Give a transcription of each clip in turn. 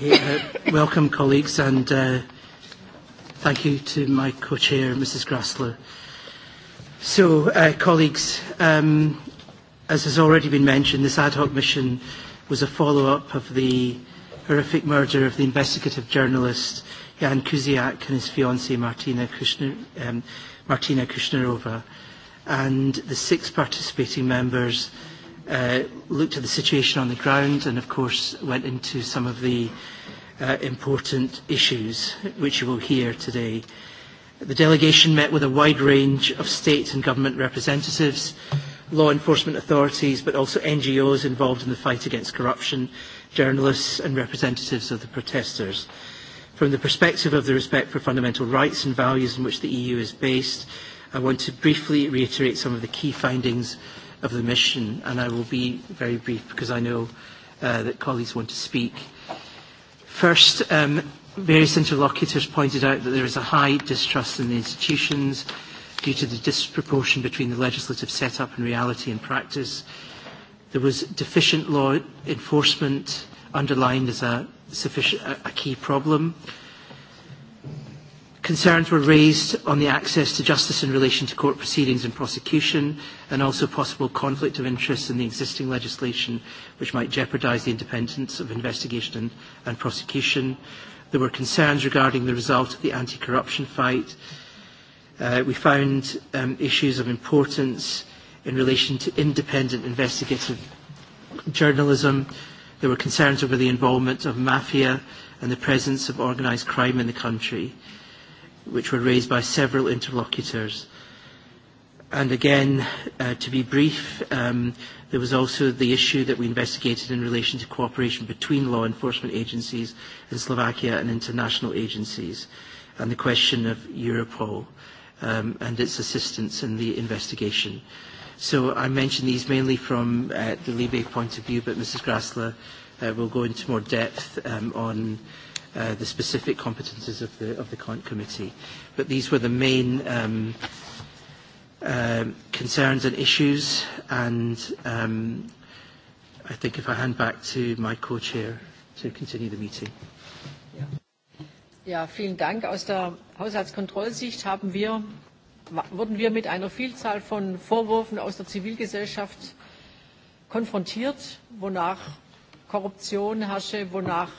Okay, uh, welcome, colleagues, and uh, thank you to my co-chair, Mrs. Grassler. So, uh, colleagues, um, as has already been mentioned, this ad hoc mission was a follow-up of the horrific murder of the investigative journalist Jan Kuziak and his fiancée Martina, Kushner, um, Martina Kushnerova and the six participating members Uh, looked at the situation on the ground and, of course, went into some of the uh, important issues which you will hear today. The delegation met with a wide range of state and government representatives, law enforcement authorities, but also NGOs involved in the fight against corruption, journalists and representatives of the protesters. From the perspective of the respect for fundamental rights and values in which the EU is based, I want to briefly reiterate some of the key findings of the mission, and I will be very brief because I know uh, that colleagues want to speak. First, um, various interlocutors pointed out that there is a high distrust in the institutions due to the disproportion between the legislative setup and reality and practice. There was deficient law enforcement underlined as a, sufficient, a, key problem. Uh, Concerns were raised on the access to justice in relation to court proceedings and prosecution, and also possible conflict of interest in the existing legislation, which might jeopardise the independence of investigation and, and prosecution. There were concerns regarding the result of the anti-corruption fight. Uh, we found um, issues of importance in relation to independent investigative journalism. There were concerns over the involvement of mafia and the presence of organised crime in the country which were raised by several interlocutors. And again, uh, to be brief, um, there was also the issue that we investigated in relation to cooperation between law enforcement agencies in Slovakia and international agencies, and the question of Europol um, and its assistance in the investigation. So I mention these mainly from uh, the Libe point of view, but Mrs. Grassler uh, will go into more depth um, on Uh, the specific competences of the, of the CONT committee. But these were the main um, uh, concerns and issues, and um, I think if I hand back to my co-chair to continue the meeting. Ja, vielen Dank. Aus der Haushaltskontrollsicht haben wir, wurden wir mit einer Vielzahl von Vorwürfen aus der Zivilgesellschaft konfrontiert, wonach Korruption herrsche, wonach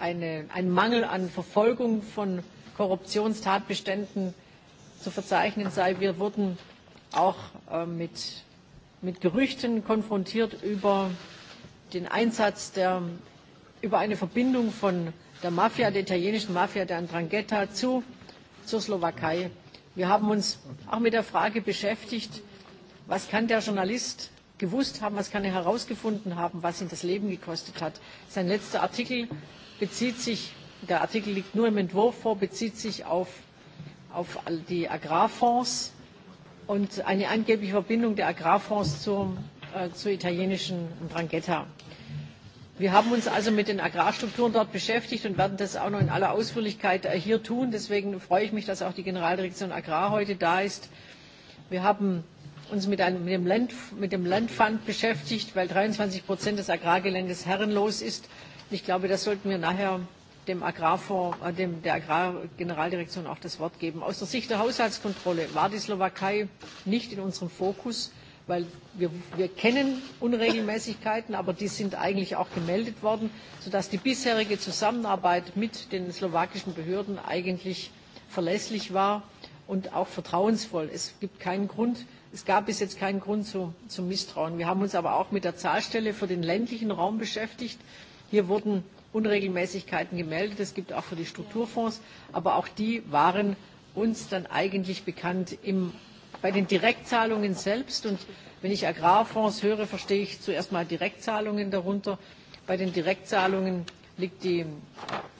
eine, ein Mangel an Verfolgung von Korruptionstatbeständen zu verzeichnen sei. Wir wurden auch äh, mit, mit Gerüchten konfrontiert über den Einsatz der, über eine Verbindung von der Mafia, der italienischen Mafia, der Andrangheta zu, zur Slowakei. Wir haben uns auch mit der Frage beschäftigt, was kann der Journalist gewusst haben, was kann er herausgefunden haben, was ihn das Leben gekostet hat. Sein letzter Artikel bezieht sich der Artikel liegt nur im Entwurf vor, bezieht sich auf, auf die Agrarfonds und eine angebliche Verbindung der Agrarfonds äh, zur, italienischen Drangheta. Wir haben uns also mit den Agrarstrukturen dort beschäftigt und werden das auch noch in aller Ausführlichkeit äh, hier tun. Deswegen freue ich mich, dass auch die Generaldirektion Agrar heute da ist. Wir haben uns mit einem mit dem, Land, mit dem Landfund beschäftigt, weil 23 des Agrargeländes herrenlos ist. ich glaube, das sollten wir nachher dem Agrarfonds, äh, dem, der Agrargeneraldirektion auch das Wort geben. Aus der Sicht der Haushaltskontrolle war die Slowakei nicht in unserem Fokus, weil wir, wir kennen Unregelmäßigkeiten, aber die sind eigentlich auch gemeldet worden, sodass die bisherige Zusammenarbeit mit den slowakischen Behörden eigentlich verlässlich war und auch vertrauensvoll. Es gibt keinen Grund, Es gab bis jetzt keinen Grund zu, Misstrauen. Wir haben uns aber auch mit der Zahlstelle für den ländlichen Raum beschäftigt. Hier wurden Unregelmäßigkeiten gemeldet. Es gibt auch für die Strukturfonds, aber auch die waren uns dann eigentlich bekannt im, bei den Direktzahlungen selbst. Und wenn ich Agrarfonds höre, verstehe ich zuerst mal Direktzahlungen darunter. Bei den Direktzahlungen liegt die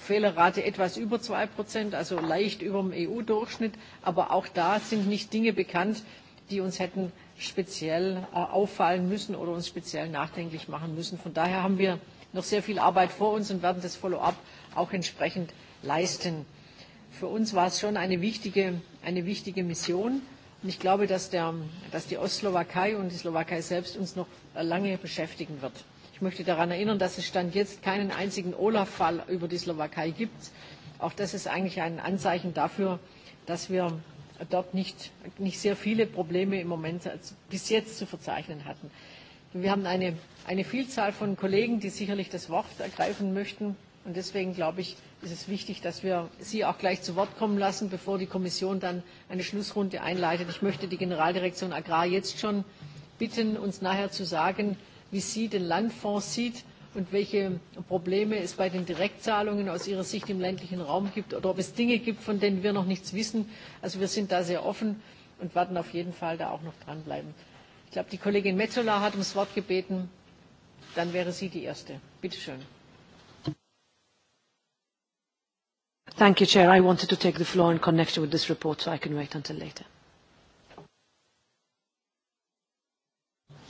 Fehlerrate etwas über 2 also leicht über dem EU-Durchschnitt. Aber auch da sind nicht Dinge bekannt, die uns hätten speziell äh, auffallen müssen oder uns speziell nachdenklich machen müssen. Von daher haben wir noch sehr viel Arbeit vor uns und werden das Follow-up auch entsprechend leisten. Für uns war es schon eine wichtige, eine wichtige Mission. Und ich glaube, dass, der, dass die Ostslowakei und die Slowakei selbst uns noch äh, lange beschäftigen wird. Ich möchte daran erinnern, dass es Stand jetzt keinen einzigen Olaf-Fall über die Slowakei gibt. Auch das ist eigentlich ein Anzeichen dafür, dass wir dort nicht, nicht sehr viele Probleme im Moment bis jetzt zu verzeichnen hatten. Wir haben eine, eine Vielzahl von Kollegen, die sicherlich das Wort ergreifen möchten. Und deswegen glaube ich, ist es wichtig, dass wir Sie auch gleich zu Wort kommen lassen, bevor die Kommission dann eine Schlussrunde einleitet. Ich möchte die Generaldirektion Agrar jetzt schon bitten, uns nachher zu sagen, wie sie den Landfonds sieht und welche Probleme es bei den Direktzahlungen aus Ihrer Sicht im ländlichen Raum gibt oder ob es Dinge gibt, von denen wir noch nichts wissen. Also wir sind da sehr offen und werden auf jeden Fall da auch noch dranbleiben. Ich glaube, die Kollegin Metzola hat ums Wort gebeten. Dann wäre sie die Erste. Bitte schön. Thank you, Chair. I wanted to take the floor with this report, so I can until later.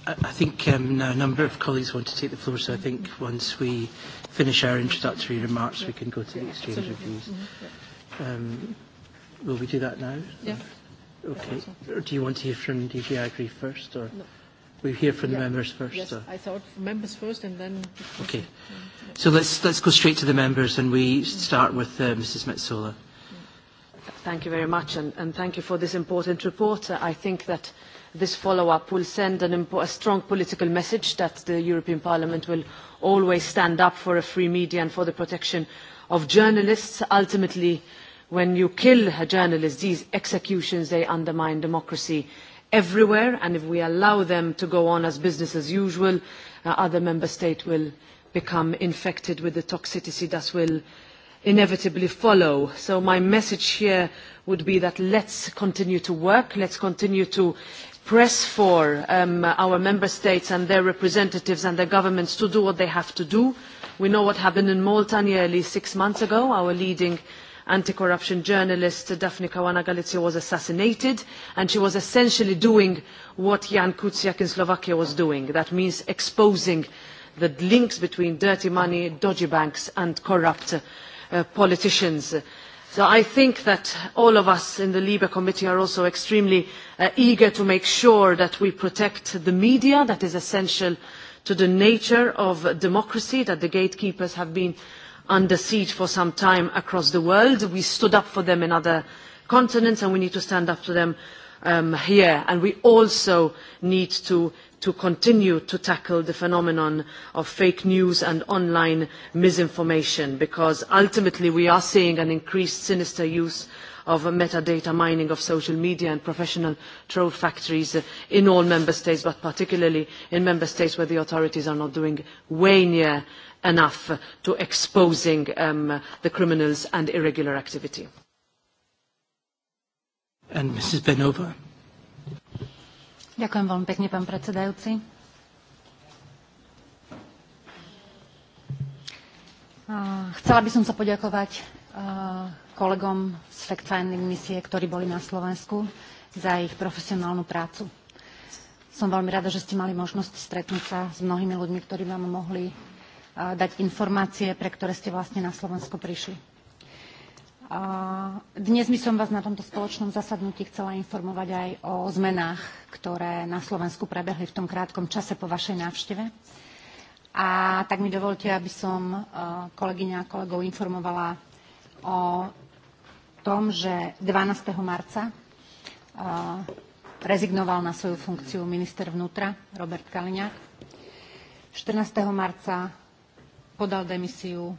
I think um, now a number of colleagues want to take the floor, so I think once we finish our introductory remarks, we can go to the exchange of views. Mm-hmm. Um, will we do that now? Yeah. Okay. Or do you want to hear from DG Agri first, or no. we hear from the members first? Yes, or? I thought members first, and then. Okay. So let's let's go straight to the members, and we start with uh, Mrs. Metsola. Thank you very much, and, and thank you for this important report. I think that this follow up will send a strong political message that the european parliament will always stand up for a free media and for the protection of journalists. ultimately when you kill a journalist these executions undermine democracy everywhere and if we allow them to go on as business as usual uh, other member states will become infected with the toxicity that will inevitably follow. so my message here would be that let's continue to work let's continue to press for um, our member states and their representatives and their governments to do what they have to do. We know what happened in Malta nearly six months ago. Our leading anti-corruption journalist Daphne Kawana Galizia was assassinated and she was essentially doing what Jan Kuciak in Slovakia was doing. That means exposing the links between dirty money, dodgy banks and corrupt uh, politicians. So I think that all of us in the LIBE Committee are also extremely uh, eager to make sure that we protect the media that is essential to the nature of democracy, that the gatekeepers have been under siege for some time across the world. We stood up for them in other continents and we need to stand up to them um, here. And we also need to to continue to tackle the phenomenon of fake news and online misinformation because ultimately we are seeing an increased sinister use of metadata mining of social media and professional troll factories in all member states but particularly in member states where the authorities are not doing way near enough to exposing um, the criminals and irregular activity. And Mrs. Benova. Ďakujem veľmi pekne, predsedajúci. Chcela by som sa poďakovať kolegom z fact-finding misie, ktorí boli na Slovensku, za ich profesionálnu prácu. Som veľmi rada, že ste mali možnosť stretnúť sa s mnohými ľuďmi, ktorí vám mohli dať informácie, pre ktoré ste vlastne na Slovensko prišli. Dnes by som vás na tomto spoločnom zasadnutí chcela informovať aj o zmenách, ktoré na Slovensku prebehli v tom krátkom čase po vašej návšteve. A tak mi dovolte, aby som e, kolegyňa a kolegov informovala o tom, že 12. marca e, rezignoval na svoju funkciu minister vnútra Robert Kaliňák. 14. marca podal demisiu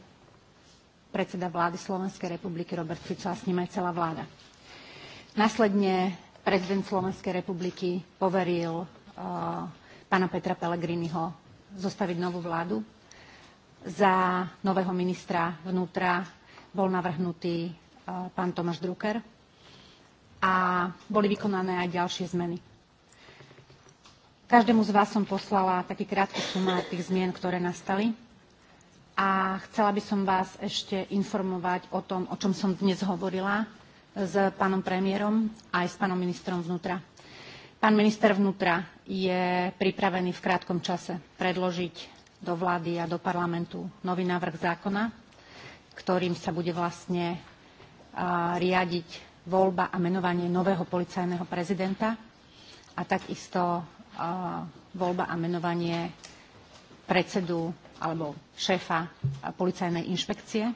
predseda vlády Slovenskej republiky Robert Fico s ním aj celá vláda. Následne prezident Slovenskej republiky poveril uh, pána Petra Pellegriniho zostaviť novú vládu. Za nového ministra vnútra bol navrhnutý uh, pán Tomáš Drucker a boli vykonané aj ďalšie zmeny. Každému z vás som poslala taký krátky sumár tých zmien, ktoré nastali a chcela by som vás ešte informovať o tom, o čom som dnes hovorila s pánom premiérom aj s pánom ministrom vnútra. Pán minister vnútra je pripravený v krátkom čase predložiť do vlády a do parlamentu nový návrh zákona, ktorým sa bude vlastne riadiť voľba a menovanie nového policajného prezidenta a takisto voľba a menovanie predsedu alebo šéfa policajnej inšpekcie.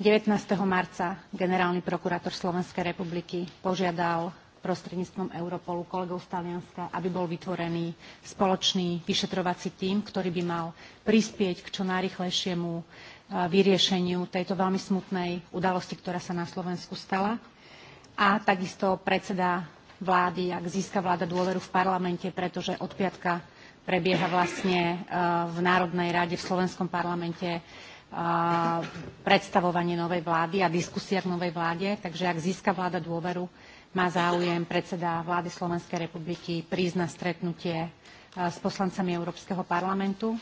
19. marca generálny prokurátor Slovenskej republiky požiadal prostredníctvom Europolu kolegov z Talianska, aby bol vytvorený spoločný vyšetrovací tím, ktorý by mal prispieť k čo najrychlejšiemu e, vyriešeniu tejto veľmi smutnej udalosti, ktorá sa na Slovensku stala. A takisto predseda vlády, ak získa vláda dôveru v parlamente, pretože od piatka prebieha vlastne e, v Národnej rade v Slovenskom parlamente e, predstavovanie novej vlády a diskusia k novej vláde. Takže ak získa vláda dôveru, má záujem predseda vlády Slovenskej republiky prísť na stretnutie e, s poslancami Európskeho parlamentu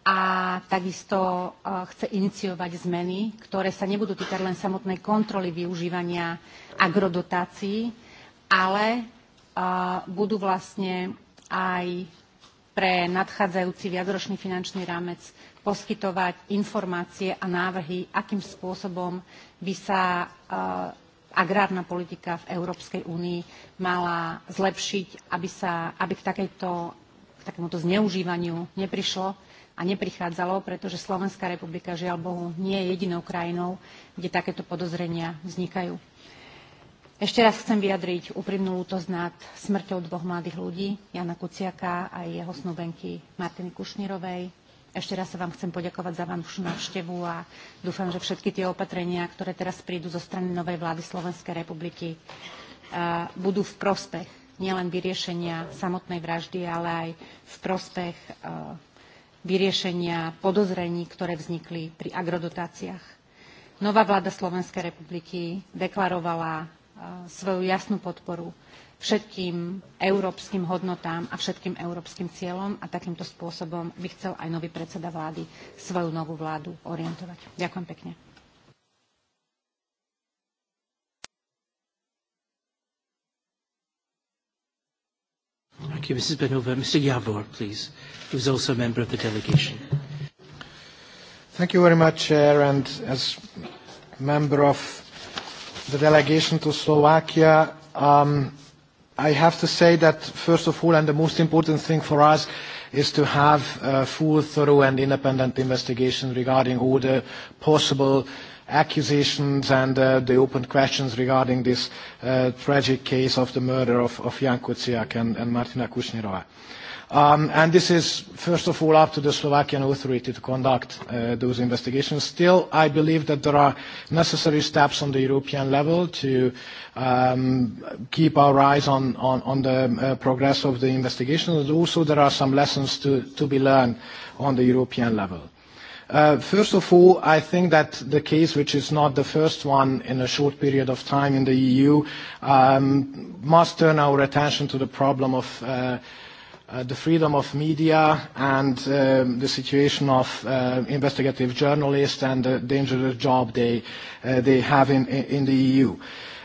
a takisto chce iniciovať zmeny, ktoré sa nebudú týkať len samotnej kontroly využívania agrodotácií, ale budú vlastne aj pre nadchádzajúci viacročný finančný rámec poskytovať informácie a návrhy, akým spôsobom by sa eh, agrárna politika v Európskej únii mala zlepšiť, aby, sa, aby k, takejto, k takémuto zneužívaniu neprišlo a neprichádzalo, pretože Slovenská republika, žiaľ Bohu, nie je jedinou krajinou, kde takéto podozrenia vznikajú. Ešte raz chcem vyjadriť úprimnú lútosť nad smrťou dvoch mladých ľudí, Jana Kuciaka a jeho snúbenky Martiny Kušnírovej. Ešte raz sa vám chcem poďakovať za vašu návštevu a dúfam, že všetky tie opatrenia, ktoré teraz prídu zo strany novej vlády Slovenskej republiky, e, budú v prospech nielen vyriešenia samotnej vraždy, ale aj v prospech e, vyriešenia podozrení, ktoré vznikli pri agrodotáciách. Nová vláda Slovenskej republiky deklarovala svoju jasnú podporu všetkým európskym hodnotám a všetkým európskym cieľom a takýmto spôsobom by chcel aj nový predseda vlády svoju novú vládu orientovať. Ďakujem pekne. Thank you, Mrs. Benova. Mr. Yavor, please, who is also a member of the delegation. Thank you very much, Chair, and as member of the delegation to Slovakia. Um, I have to say that, first of all, and the most important thing for us is to have a uh, full, thorough, and independent investigation regarding all the possible accusations and uh, the open questions regarding this uh, tragic case of the murder of, of Jan Kuciak and, and Martina Kushnirova. Um, and this is, first of all, up to the Slovakian authority to conduct uh, those investigations. Still, I believe that there are necessary steps on the European level to um, keep our eyes on, on, the uh, progress of the investigation. And also, there are some lessons to, be learned on the European level. Uh, first of all, I think that the case, which is not the first one in a short period of time in the EU, um, must turn our attention to the problem of Uh, the freedom of media and um, the situation of uh, investigative journalists and the dangerous job they uh, they have in in the EU.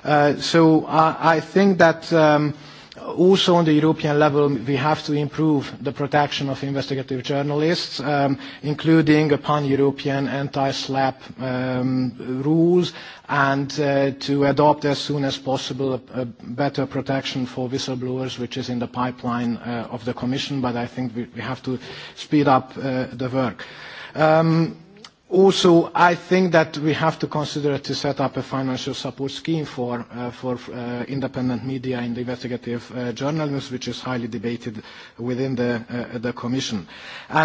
Uh, so I think that um, also on the European level, we have to improve the protection of investigative journalists, um, including pan European anti-SLAP um, rules, and uh, to adopt as soon as possible a, better protection for whistleblowers, which is in the pipeline uh, of the Commission, but I think we, we have to speed up uh, the work. Um, Also, I think that we have to consider to set up a financial support scheme for, uh, uh, independent media and investigative uh, journalism, which is highly debated within the, Commission.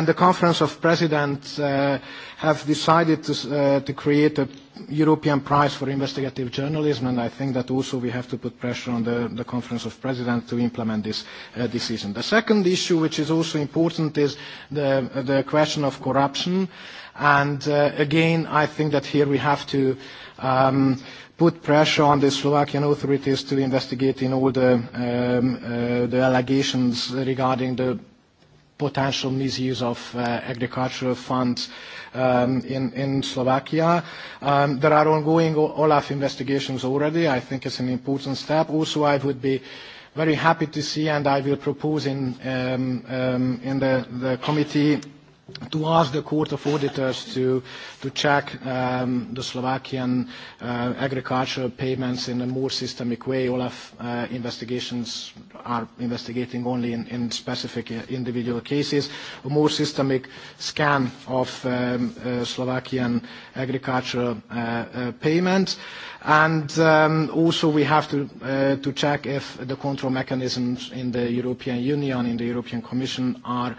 the Conference of Presidents have decided to, create a European Prize for Investigative Journalism, and I think that also we have to put pressure on the, Conference of Presidents to implement this decision. The second issue, which is also important, is the question of corruption And uh, again, I think that here we have to um, put pressure on the Slovakian authorities to investigate in all the, um, uh, the allegations regarding the potential misuse of uh, agricultural funds um, in, in Slovakia. Um, there are ongoing Olaf investigations already. I think it's an important step. Also, I would be very happy to see, and I will propose in, um, um, in the, the committee to ask the Court of Auditors to, to check um, the Slovakian uh, agricultural payments in a more systemic way. Olaf uh, investigations are investigating only in, specific uh, individual cases. A more systemic scan of um, uh, Slovakian agricultural payments. And um, also we have to, to check if the control mechanisms in the European Union, in the European Commission are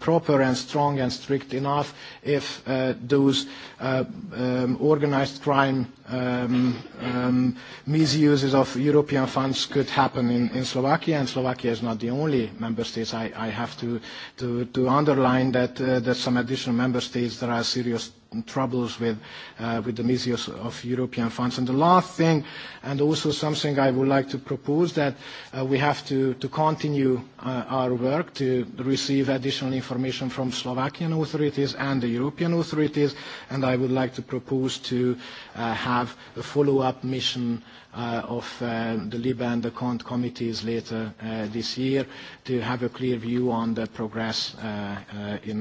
proper and strong strong and strict enough if uh, those organised uh, um, organized crime um, um, misuses of European funds could happen in, in Slovakia, and Slovakia is not the only member state. I, I have to, to, to underline that uh, are some additional member states that are serious troubles with, uh, with the misuse of European funds. And the last thing, and also something I would like to propose, that uh, we have to, to continue uh, our work to receive additional information from Slovakian authorities and the European authorities, and I would like to propose to uh, have have a follow-up mission uh, of uh, the Liban and the CONT committees later uh, this year to have a clear view on the progress uh, uh, in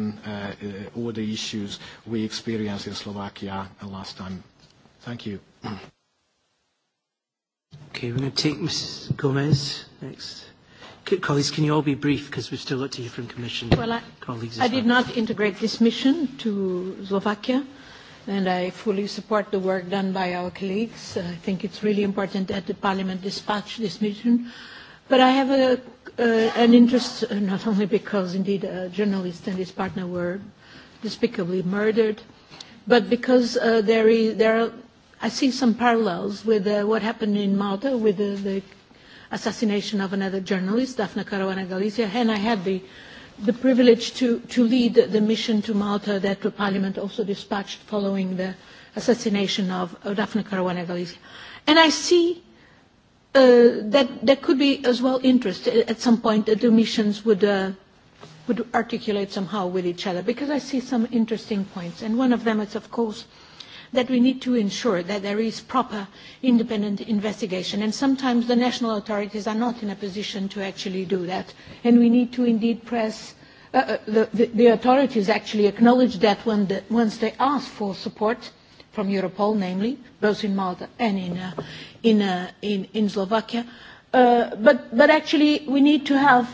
all the issues we experienced in Slovakia last time. Thank you. Okay, we're going to take Ms. Gomez next. Colleagues, can you all be brief because we've still got to hear from Commission well, I, colleagues? I well. did not integrate this mission to Slovakia and I fully support the work done by our colleagues. I think it's really important that the Parliament dispatch this mission. But I have a, uh, an interest, uh, not only because indeed a journalist and his partner were despicably murdered, but because uh, there, is, there are, I see some parallels with uh, what happened in Malta with the, the assassination of another journalist, Daphne Caruana Galizia, and I had the the privilege to, to lead the mission to Malta that the Parliament also dispatched following the assassination of Daphne Caruana Galizia. And I see uh, that there could be as well interest at some point that the missions would, uh, would articulate somehow with each other because I see some interesting points. And one of them is, of course, that we need to ensure that there is proper independent investigation. And sometimes the national authorities are not in a position to actually do that. And we need to indeed press uh, uh, the, the, the authorities actually acknowledge that when the, once they ask for support from Europol, namely, both in Malta and in, uh, in, uh, in, in Slovakia. Uh, but, but actually, we need to have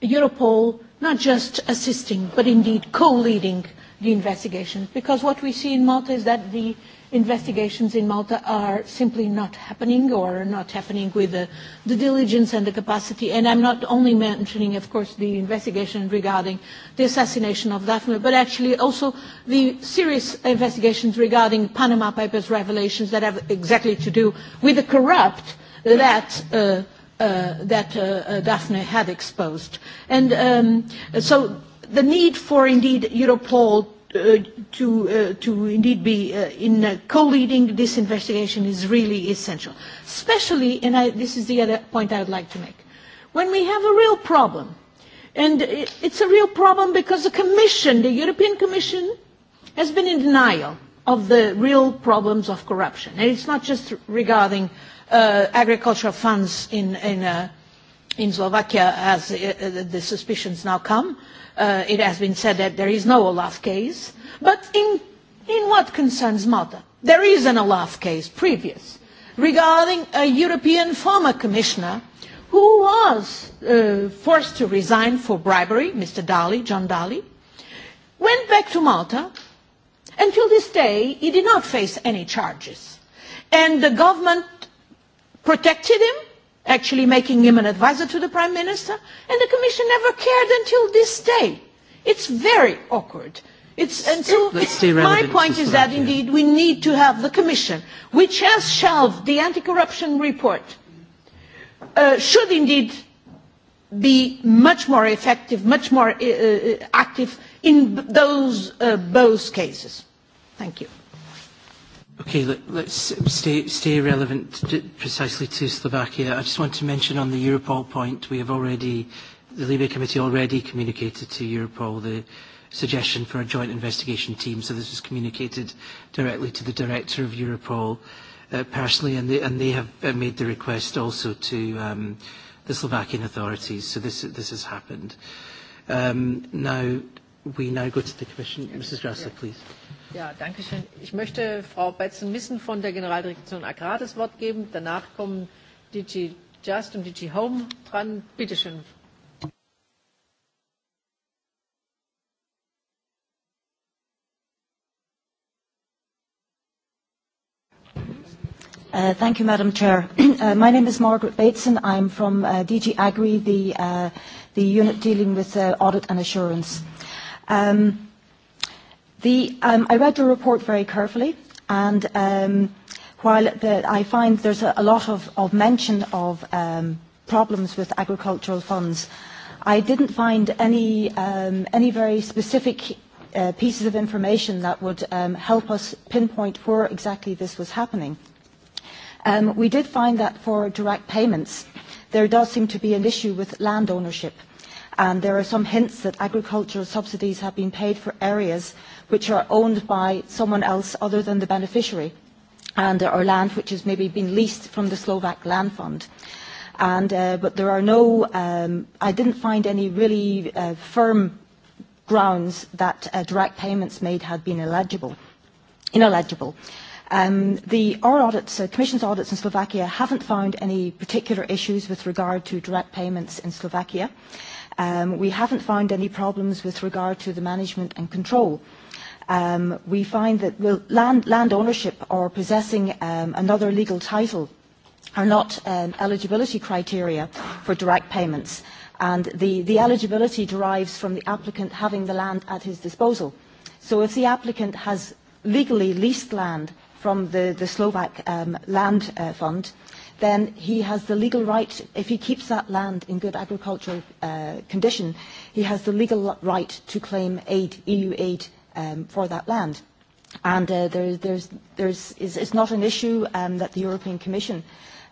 Europol not just assisting, but indeed co-leading the investigations because what we see in Malta is that the investigations in Malta are simply not happening or not happening with the, the diligence and the capacity. And I'm not only mentioning, of course, the investigation regarding the assassination of Daphne, but actually also the serious investigations regarding Panama Papers revelations that have exactly to do with the corrupt that uh, uh, that uh, uh Daphne had exposed. And um, so the need for indeed Europol Uh, to uh, to indeed be uh, in uh, co-leading this investigation is really essential especially and I, this is the other point i would like to make when we have a real problem and it, it's a real problem because the commission the european commission has been in denial of the real problems of corruption and it's not just regarding uh, agricultural funds in in uh, in Slovakia as uh, the suspicions now come. Uh, it has been said that there is no Olaf case. But in, in what concerns Malta? There is an Olaf case previous regarding a European former commissioner who was uh, forced to resign for bribery, Mr. Daly, John Daly, went back to Malta. Until this day, he did not face any charges. And the government protected him actually making him an advisor to the prime minister and the commission never cared until this day it's very awkward it's my point is that indeed we need to have the commission which has shelved the anti corruption report uh, should indeed be much more effective much more uh, uh, active in those both cases thank you Okay, let, let's stay, stay relevant precisely to Slovakia. I just want to mention on the Europol point, we have already, the Libya Committee already communicated to Europol the suggestion for a joint investigation team, so this was communicated directly to the director of Europol uh, personally, and they, and they have uh, made the request also to um, the Slovakian authorities, so this, this has happened. Um, now, we now go to the Commission. Mrs. Grassler, please. Ja, danke schön. Ich möchte Frau Betzen-Missen von der Generaldirektion Agrar das Wort geben. Danach kommen DG Just und DG Home dran. Bitte schön. Uh, thank you, Madam Chair. Uh, my name is Margaret Bateson. I'm from uh, DG Agri, the, uh, the unit dealing with uh, audit and assurance. Um, The, um, I read the report very carefully and um, while the, I find there's a, a lot of, of mention of um, problems with agricultural funds, I didn't find any, um, any very specific uh, pieces of information that would um, help us pinpoint where exactly this was happening. Um, we did find that for direct payments, there does seem to be an issue with land ownership and there are some hints that agricultural subsidies have been paid for areas which are owned by someone else other than the beneficiary and are land which has maybe been leased from the Slovak land fund. And, uh, but there are no, um, I didn't find any really uh, firm grounds that uh, direct payments made had been illegible, ineligible. Um, the, uh, Commission's audits in Slovakia haven't found any particular issues with regard to direct payments in Slovakia. Um, we haven't found any problems with regard to the management and control. Um, we find that land, land ownership or possessing um, another legal title are not eligibility criteria for direct payments and the, the eligibility derives from the applicant having the land at his disposal. So if the applicant has legally leased land from the, the Slovak um, land uh, fund, then he has the legal right, if he keeps that land in good agricultural uh, condition, he has the legal right to claim aid, EU aid um, for that land. And uh, there, there's, there's, is, it's not an issue um, that the European Commission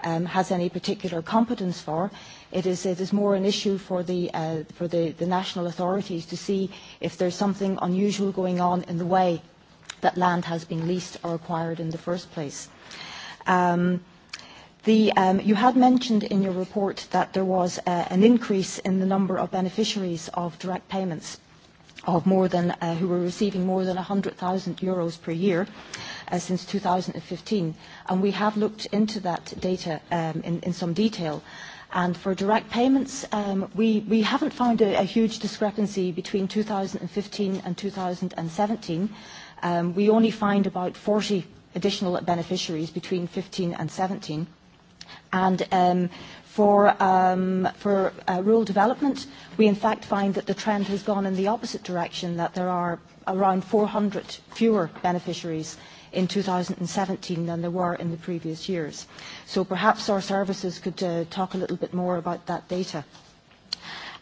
um, has any particular competence for. It is, it is more an issue for, the, uh, for the, the national authorities to see if there's something unusual going on in the way that land has been leased or acquired in the first place. Um, the, um, you had mentioned in your report that there was uh, an increase in the number of beneficiaries of direct payments of more than, uh, who were receiving more than 100,000 euros per year uh, since 2015. And we have looked into that data um, in, in some detail. And for direct payments, um, we, we haven't found a, a huge discrepancy between 2015 and 2017 Um, we only find about 40 additional beneficiaries between 15 and 17. And um, for, um, for uh, rural development, we in fact find that the trend has gone in the opposite direction, that there are around 400 fewer beneficiaries in 2017 than there were in the previous years. So perhaps our services could uh, talk a little bit more about that data.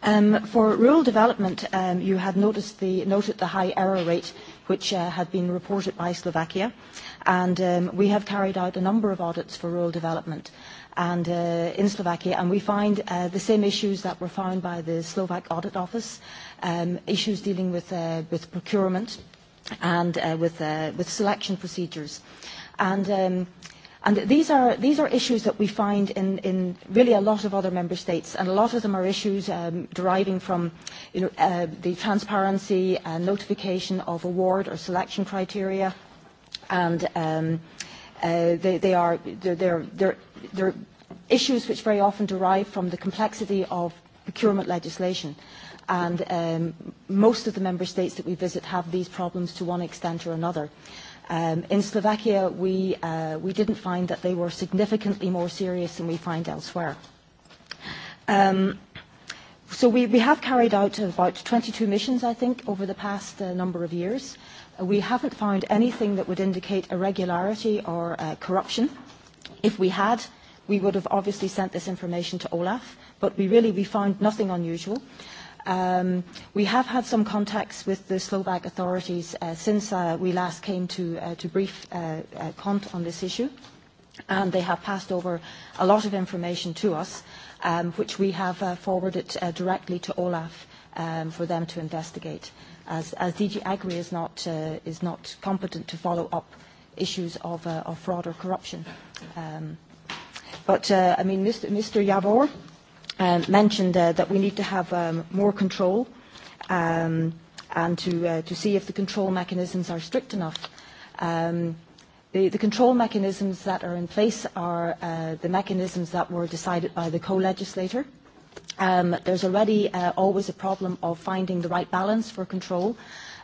Um, for rural development, um, you had noticed the, noted the high error rate which uh, had been reported by Slovakia. And um, we have carried out a number of audits for rural development and uh, in Slovakia, and we find uh, the same issues that were found by the Slovak Audit Office, um, issues dealing with, with procurement and with, with selection procedures. And um, And these are, these are issues that we find in, in really a lot of other member states, and a lot of them are issues um, deriving from you know, uh, the transparency and notification of award or selection criteria, and um, uh, they, they are issues which very often derive from the complexity of procurement legislation. And um, most of the member states that we visit have these problems to one extent or another. Um, in Slovakia, we, uh, we didn't find that they were significantly more serious than we find elsewhere. Um, so we, we have carried out about 22 missions, I think, over the past uh, number of years. Uh, we haven't found anything that would indicate irregularity or uh, corruption. If we had, we would have obviously sent this information to Olaf, but we really we found nothing unusual. Um, we have had some contacts with the Slovak authorities uh, since uh, we last came to, uh, to brief uh, uh, on this issue, and they have passed over a lot of information to us, um, which we have uh, forwarded uh, directly to Olaf um, for them to investigate, as, as DG Agri is not, uh, is not competent to follow up issues of, uh, of fraud or corruption. Um, but, uh, I mean, Mr. Mr. Yavor, Um, mentioned uh, that we need to have um, more control um, and to, uh, to see if the control mechanisms are strict enough. Um, the, the control mechanisms that are in place are uh, the mechanisms that were decided by the co-legislator. Um, there's already uh, always a problem of finding the right balance for control,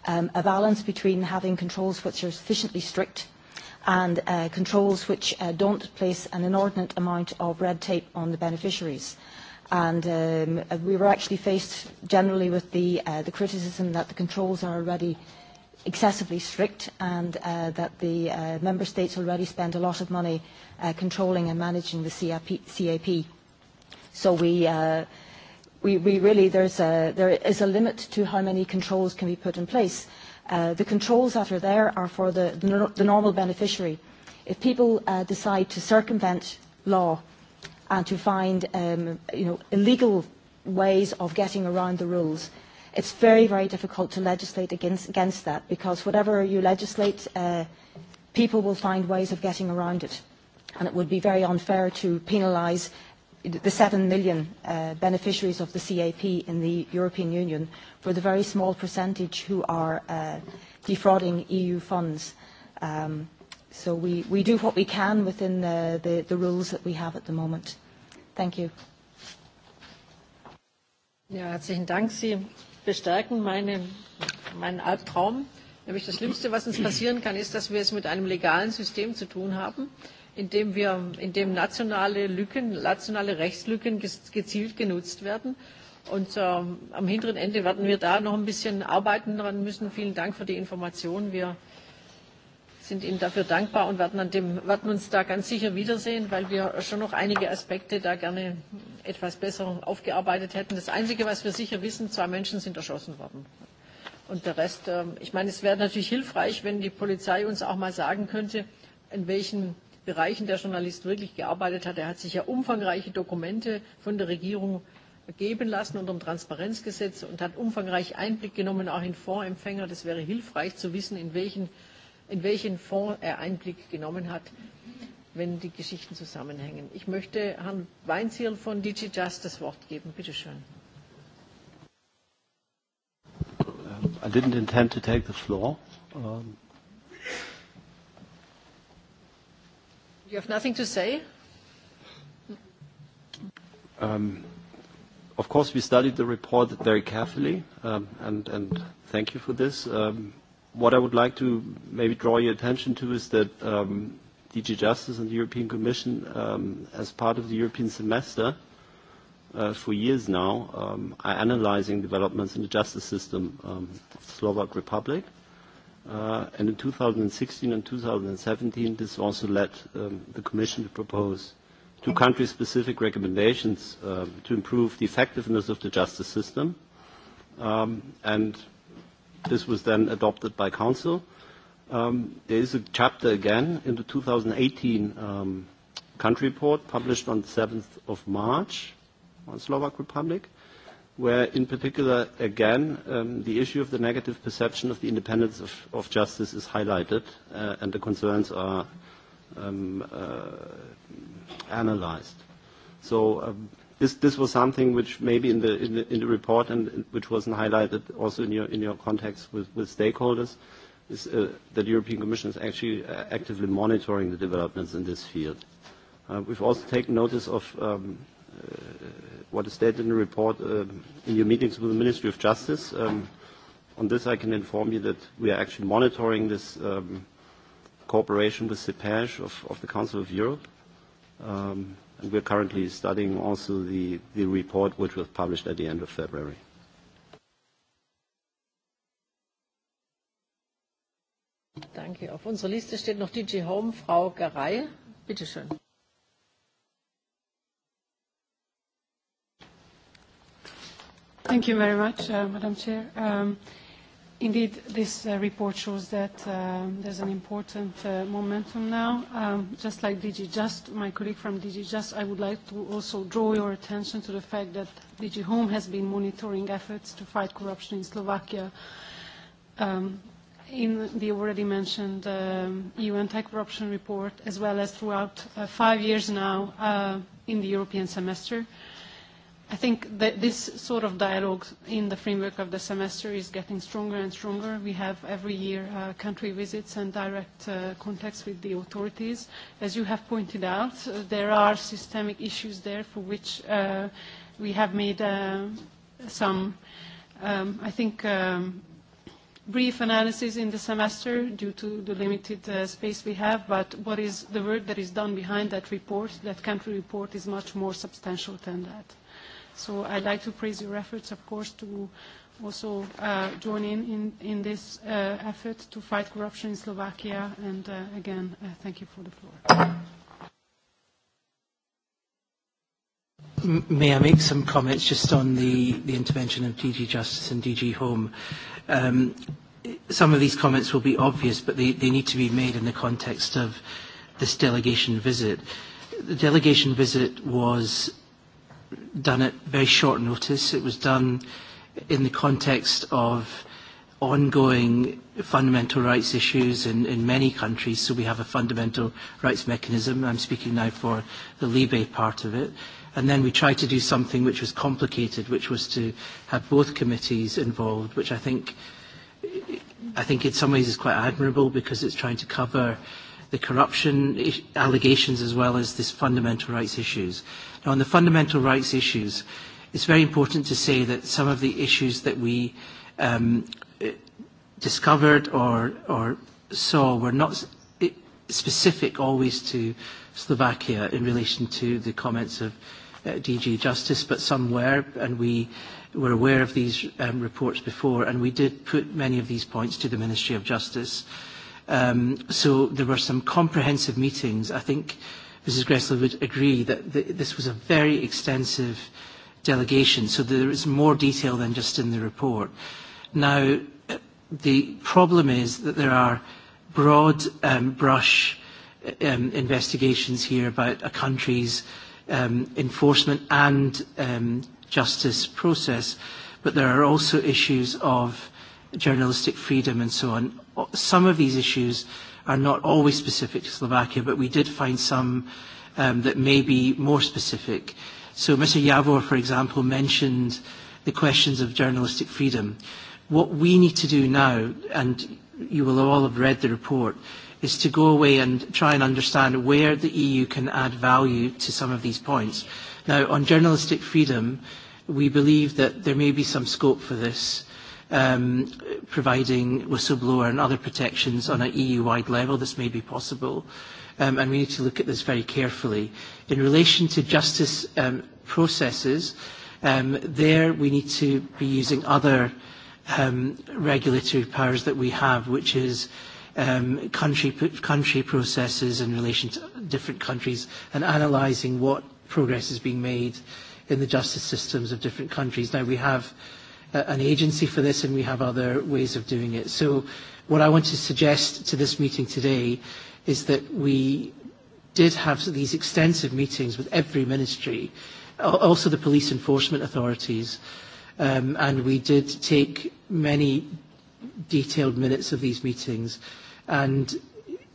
um, a balance between having controls which are sufficiently strict and uh, controls which uh, don't place an inordinate amount of red tape on the beneficiaries and um, uh, we were actually faced generally with the, uh, the criticism that the controls are already excessively strict and uh, that the uh, member states already spend a lot of money uh, controlling and managing the CAP. CAP. So we, uh, we, we really, there's a, there is a limit to how many controls can be put in place. Uh, the controls that are there are for the, the, normal beneficiary. If people uh, decide to circumvent law and to find um, you know, illegal ways of getting around the rules. It's very, very difficult to legislate against, against that because whatever you legislate, uh, people will find ways of getting around it. And it would be very unfair to penalise the 7 million uh, beneficiaries of the CAP in the European Union for the very small percentage who are uh, defrauding EU funds. Um, So we, we do what we can within the, the, the rules that we have at the moment. Thank you. Ja, herzlichen Dank. Sie bestärken meine, meinen Albtraum. Nämlich das Schlimmste, was uns passieren kann, ist, dass wir es mit einem legalen System zu tun haben, in dem, wir, in dem nationale Lücken, nationale Rechtslücken gezielt genutzt werden. Und ähm, am hinteren Ende werden wir da noch ein bisschen arbeiten dran müssen. Vielen Dank für die Information. Wir sind Ihnen dafür dankbar und werden, an dem, werden uns da ganz sicher wiedersehen, weil wir schon noch einige Aspekte da gerne etwas besser aufgearbeitet hätten. Das Einzige, was wir sicher wissen, zwei Menschen sind erschossen worden. Und der Rest, ähm, ich meine, es wäre natürlich hilfreich, wenn die Polizei uns auch mal sagen könnte, in welchen Bereichen der Journalist wirklich gearbeitet hat. Er hat sich ja umfangreiche Dokumente von der Regierung geben lassen unter dem um Transparenzgesetz und hat umfangreich Einblick genommen, auch in Vorempfänger. Das wäre hilfreich zu wissen, in welchen in welchen Fonds er Einblick genommen hat, wenn die Geschichten zusammenhängen. Ich möchte Herrn Weinzierl von DigiJust das Wort geben. Bitte schön. Um, I didn't intend to take the floor. Um... You have nothing to say? Um, of course, we studied the report very carefully, um, and, and thank you for this. Um, what I would like to maybe draw your attention to is that um, DG Justice and the European Commission, um, as part of the European semester, uh, for years now, um, are analyzing developments in the justice system um, of the Slovak Republic. Uh, and in 2016 and 2017, this also led um, the Commission to propose two country-specific recommendations uh, to improve the effectiveness of the justice system. Um, and This was then adopted by Council. Um, there is a chapter again in the 2018 um, country report published on 7th of March on Slovak Republic, where in particular, again, um, the issue of the negative perception of the independence of, of justice is highlighted uh, and the concerns are um, uh, analyzed. So um, This this was something which maybe in the in the, report and which wasn't highlighted also in your in your context with, with stakeholders is uh, that the European Commission is actually uh, actively monitoring the developments in this field. Uh, we've also taken notice of um, what is stated in the report in your meetings with the Ministry of Justice. Um, on this, I can inform you that we are actually monitoring this um, cooperation with CEPEJ of, of the Council of Europe. Um, and we're currently studying also the, the report which was published at the end of February. Danke. Auf unserer Liste steht noch DG Home, Frau Garay. Bitte schön. Thank you very much, uh, Madam Chair. Um, Indeed, this uh, report shows that um, there's an important uh, momentum now. Um, just like DG Just, my colleague from DG Just, I would like to also draw your attention to the fact that Digi Home has been monitoring efforts to fight corruption in Slovakia. Um, in the already mentioned um, EU anti-corruption report, as well as throughout uh, five years now in the European semester. I think that this sort of dialogue in the framework of the semester is getting stronger and stronger. We have every year uh, country visits and direct uh, contacts with the authorities. As you have pointed out, uh, there are systemic issues there for which uh, we have made uh, some, um, I think, um, brief analysis in the semester due to the limited uh, space we have, but what is the work that is done behind that report, that country report, is much more substantial than that. So I'd like to praise your efforts, of course, to also uh, join in in, in this uh, effort to fight corruption in Slovakia. And uh, again, uh, thank you for the floor. May I make some comments just on the, the intervention of DG Justice and DG Home? Um, some of these comments will be obvious, but they, they need to be made in the context of this delegation visit. The delegation visit was done at very short notice. It was done in the context of ongoing fundamental rights issues in, in many countries, so we have a fundamental rights mechanism. I'm speaking now for the Libe part of it. And then we tried to do something which was complicated, which was to have both committees involved, which I think, I think in some ways is quite admirable because it's trying to cover the corruption allegations as well as this fundamental rights issues. Now, on the fundamental rights issues, it's very important to say that some of the issues that we um, uh, discovered or, or saw were not specific always to Slovakia in relation to the comments of uh, DG Justice, but some were, and we were aware of these um, reports before, and we did put many of these points to the Ministry of Justice. Um, so there were some comprehensive meetings. I think Mrs. Gressler would agree that this was a very extensive delegation, so there is more detail than just in the report. Now, uh, the problem is that there are broad um, brush uh, um, investigations here about a country's um, enforcement and um, justice process, but there are also issues of journalistic freedom and so on. Some of these issues are not always specific to Slovakia, but we did find some um, that may be more specific. So Mr. Yavor, for example, mentioned the questions of journalistic freedom. What we need to do now, and you will all have read the report, is to go away and try and understand where the EU can add value to some of these points. Now, on journalistic freedom, we believe that there may be some scope for this um, providing whistleblower and other protections on an EU-wide level. This may be possible, um, and we need to look at this very carefully. In relation to justice um, processes, um, there we need to be using other um, regulatory powers that we have, which is um, country, country processes in relation to different countries and analysing what progress is being made in the justice systems of different countries. Now, we have an agency for this and we have other ways of doing it. So what I want to suggest to this meeting today is that we did have these extensive meetings with every ministry, also the police enforcement authorities, um, and we did take many detailed minutes of these meetings. And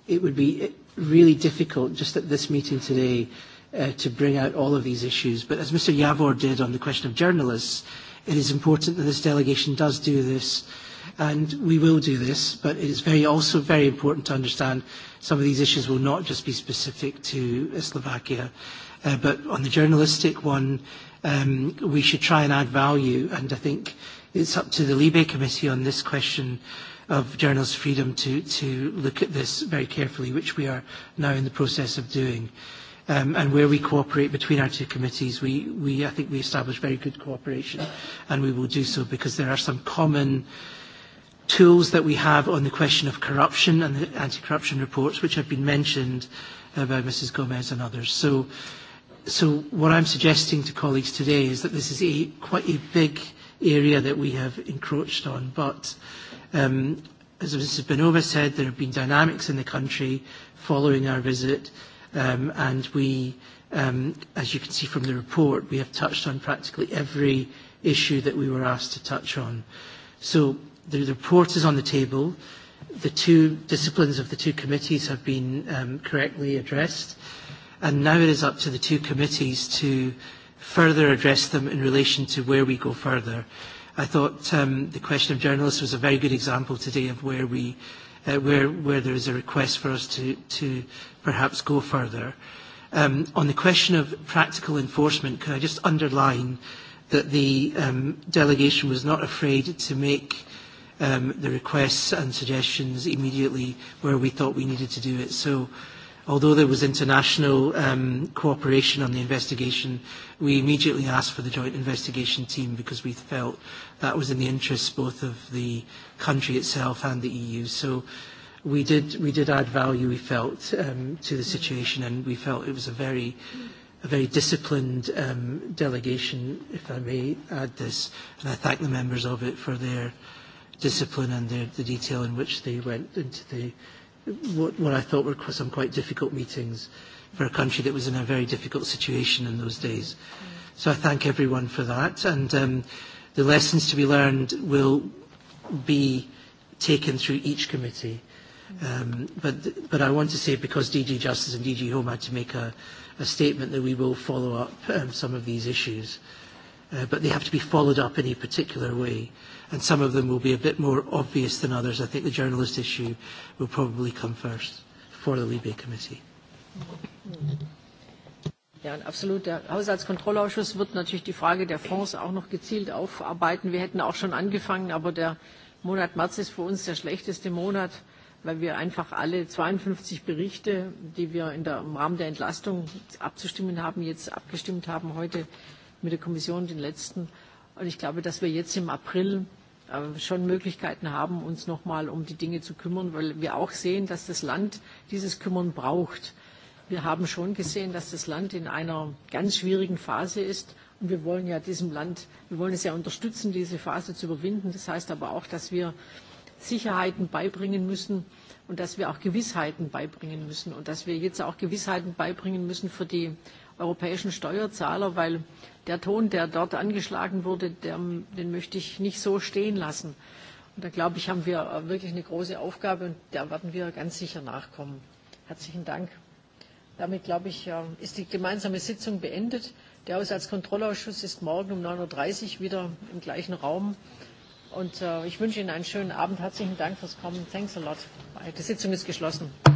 it would be really difficult just at this meeting today uh, to bring out all of these issues. But as Mr. Yavor did on the question of journalists, It is important that this delegation does do this, and we will do this, but it is very, also very important to understand some of these issues will not just be specific to uh, Slovakia. Uh, but on the journalistic one, um, we should try and add value, and I think it's up to the Libe Committee on this question of journalist freedom to, to look at this very carefully, which we are now in the process of doing um, and where we cooperate between our two committees, we, we, I think we establish very good cooperation and we will do so because there are some common tools that we have on the question of corruption and the anti-corruption reports which have been mentioned uh, by Mrs Gomez and others. So, so what I'm suggesting to colleagues today is that this is a, quite a big area that we have encroached on, but um, as Mrs Benova said, there have been dynamics in the country following our visit Um, and we, um, as you can see from the report, we have touched on practically every issue that we were asked to touch on. So the, report is on the table. The two disciplines of the two committees have been um, correctly addressed. And now it is up to the two committees to further address them in relation to where we go further. I thought um, the question of journalists was a very good example today of where we Uh, where, where there is a request for us to, to perhaps go further. Um, on the question of practical enforcement, could I just underline that the um, delegation was not afraid to make um, the requests and suggestions immediately where we thought we needed to do it. So although there was international um, cooperation on the investigation, we immediately asked for the joint investigation team because we felt that was in the interests both of the country itself and the EU. So we did, we did add value, we felt, um, to the situation, and we felt it was a very a very disciplined um, delegation, if I may add this, and I thank the members of it for their discipline and their, the detail in which they went into the what, what I thought were some quite difficult meetings for a country that was in a very difficult situation in those days. So I thank everyone for that. And um, the lessons to be learned will be taken through each committee. Um, but, but I want to say, because DG Justice and DG Home had to make a, a statement, that we will follow up um, some of these issues. Uh, but they have to be followed up in a particular way and some of them will be a bit more obvious than others. I think the journalist issue will probably come first for the Libe Committee. Ja, absolut. Der Haushaltskontrollausschuss wird natürlich die Frage der Fonds auch noch gezielt aufarbeiten. Wir hätten auch schon angefangen, aber der Monat März ist für uns der schlechteste Monat, weil wir einfach alle 52 Berichte, die wir in der, im Rahmen der Entlastung abzustimmen haben, jetzt abgestimmt haben, heute mit der Kommission den letzten Und ich glaube, dass wir jetzt im April äh, schon Möglichkeiten haben, uns nochmal um die Dinge zu kümmern, weil wir auch sehen, dass das Land dieses Kümmern braucht. Wir haben schon gesehen, dass das Land in einer ganz schwierigen Phase ist. Und wir wollen ja diesem Land, wir wollen es ja unterstützen, diese Phase zu überwinden. Das heißt aber auch, dass wir Sicherheiten beibringen müssen und dass wir auch Gewissheiten beibringen müssen und dass wir jetzt auch Gewissheiten beibringen müssen für die europäischen Steuerzahler, weil der Ton, der dort angeschlagen wurde, der, den möchte ich nicht so stehen lassen. Und da glaube ich, haben wir wirklich eine große Aufgabe und der werden wir ganz sicher nachkommen. Herzlichen Dank. Damit, glaube ich, ähm, ist die gemeinsame Sitzung beendet. Der Haushaltskontrollausschuss ist morgen um 9.30 Uhr wieder im gleichen Raum. Und äh, ich wünsche Ihnen einen schönen Abend. Herzlichen Dank fürs Kommen. Thanks a lot. Die Sitzung ist geschlossen.